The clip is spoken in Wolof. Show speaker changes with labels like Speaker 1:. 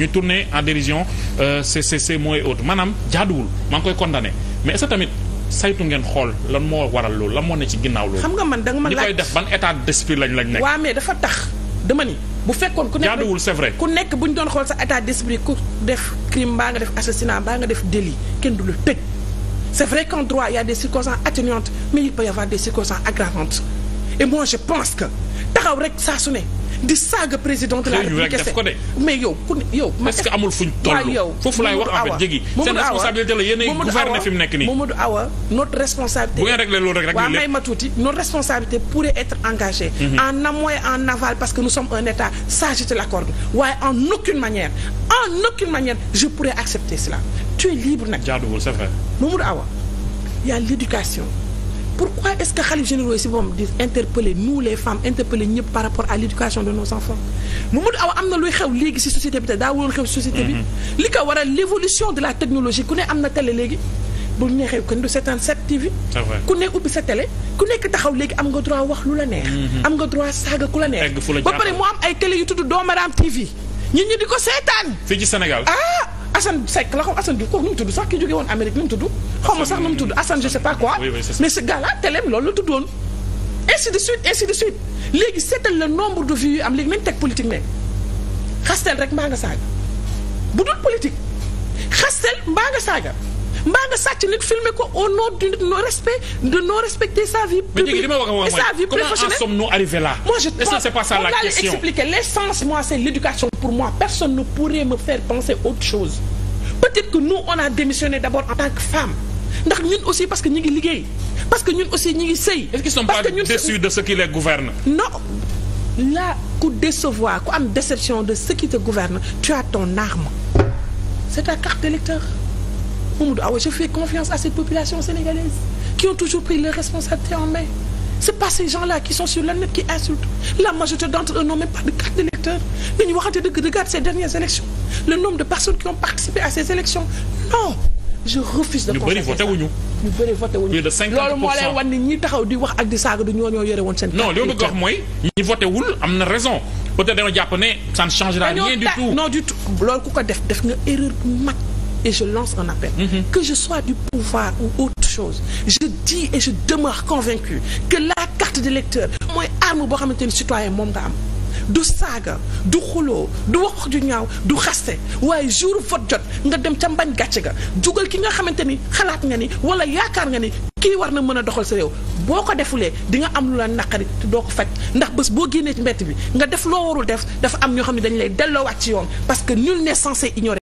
Speaker 1: ñu tourner en dérision euh, c'est c'est c'est mooy autre maanaam jaaduwul maa ngi koy condamné mais est-ce que tamit saytu ngeen xool lan moo waral loolu lan moo ne ci ginnaaw loolu. xam nga man da nga ma laaj koy def ban état d'esprit lañ lañ nekk. waaw mais dafa tax dama ni. bu fekkoon ku nekk jaaduwul c'est ku nekk bu ñu doon xool sa état d'esprit ku def crime mbaa nga def assassinat mbaa nga def délit kenn du la tëj. c'est vrai qu'en droit il y a des circonstances atténuantes mais il peut y avoir des circonstances aggravantes et moi je pense que taxaw rek saa su ne. di saaga président de la République kese mais yow ku ne yow. que amul fuñ toll yow foofu laay wax en fait jéggi seen responsabilité la yéenay gouverner fi mu nekk nii. Mamadou notre responsabilité. bu ngeen réglé loolu rek rek ma tuuti notre responsabilité pourrait être engagée. Mhm. en amont et en aval parce que nous sommes un État ça je te l'accorde waaye en aucune manière en aucune manière je pourrais accepter cela tu es libre nag. jaaduwul c'est vrai Mamadou Awa y a l'éducation. pourquoi est-ce que xalif généraux yi si moom di interpeller nous les femmes interpeller ñëpp par rapport à l'éducation de nos enfants Mamadou Awa am na luy xew léegi si société bi te daa waroon xew si société bi mm-hmm. li ko waral l'évolution de la technologie ku ne am na télé léegi bu neexee kenn du seetaan 7TV ku ne ubbi sa télé ku nekk taxaw léegi am nga droit wax lu la neex mm-hmm. am nga droit saaga ku la neex ba pare mu am ay télé yu tudd doomaraam TV ñun ñu Assane Seck la xaw Assane Diouf kooku nu mu tudd sax ki jóge woon Amérique nu mu tudd. sax nu mu tudd je sais pas quoi. mais ce gars là teleem loolu la tuddoon. ainsi de suite ainsi de suite léegi seetal le nombre de vues yu am léegi nañ teg politique ne xastel rek mbaa nga saaga bu dul politique xastel mbaa nga saaga mbaa nga sàcc nit filmer ko au nom du non respect de non respecter sa vie publique et sa vie professionnelle comment en sommes-nous pour moi personne peut-être que nous on a démissionné d'abord en tant que ndax ñun aussi parce que ñu ngi liggéey parce que ñun aussi ñu ngi sëy. parce que ñun parce que de ce qui non là ku décevoir ku am déception de ce qui te gouverne tu as ton arme c'est ta carte d'électeur Mamadou Awa je fais confiance à cette population sénégalaise qui ont toujours pris leurs responsabilités en main. c'est pas ces gens-là qui sont sur le net qui insultent la majorité d'entre eux n'ont même pas de carte d'électeur nañu waxante dëgg regarde ces dernières élections le nombre de personnes qui ont participé à ces élections non je refuse de. ñu bëri voté wuñu ñu bëri voté non li ma bëgg wax mooy. ñi wul am na raison peut-être dañoo jàpp ne ça ne changera rien du tout. non du tout loolu ku ko def def nga erreur bu mag. et je lance un appel. Mm Que je sois du pouvoir ou autre chose, je dis et je demeure convaincu que la carte lecteur mooy arme boo xamante ni citoyen moom nga am. du saaga du xuloo du wax ju ñaaw du xaste waaye jour vote jot nga dem ca mbañ gàcce ga jugal ki nga xamante ni xalaat nga ni wala yaakaar nga ni kii war na mën a doxal sa yow boo ko defulee di nga am lu la naqari te doo ko faj ndax bés boo génnee ci mbett bi nga def loo warul def dafa am ñoo xam ne dañu lay delloowaat ci yoon parce que nul n'est censé ignorer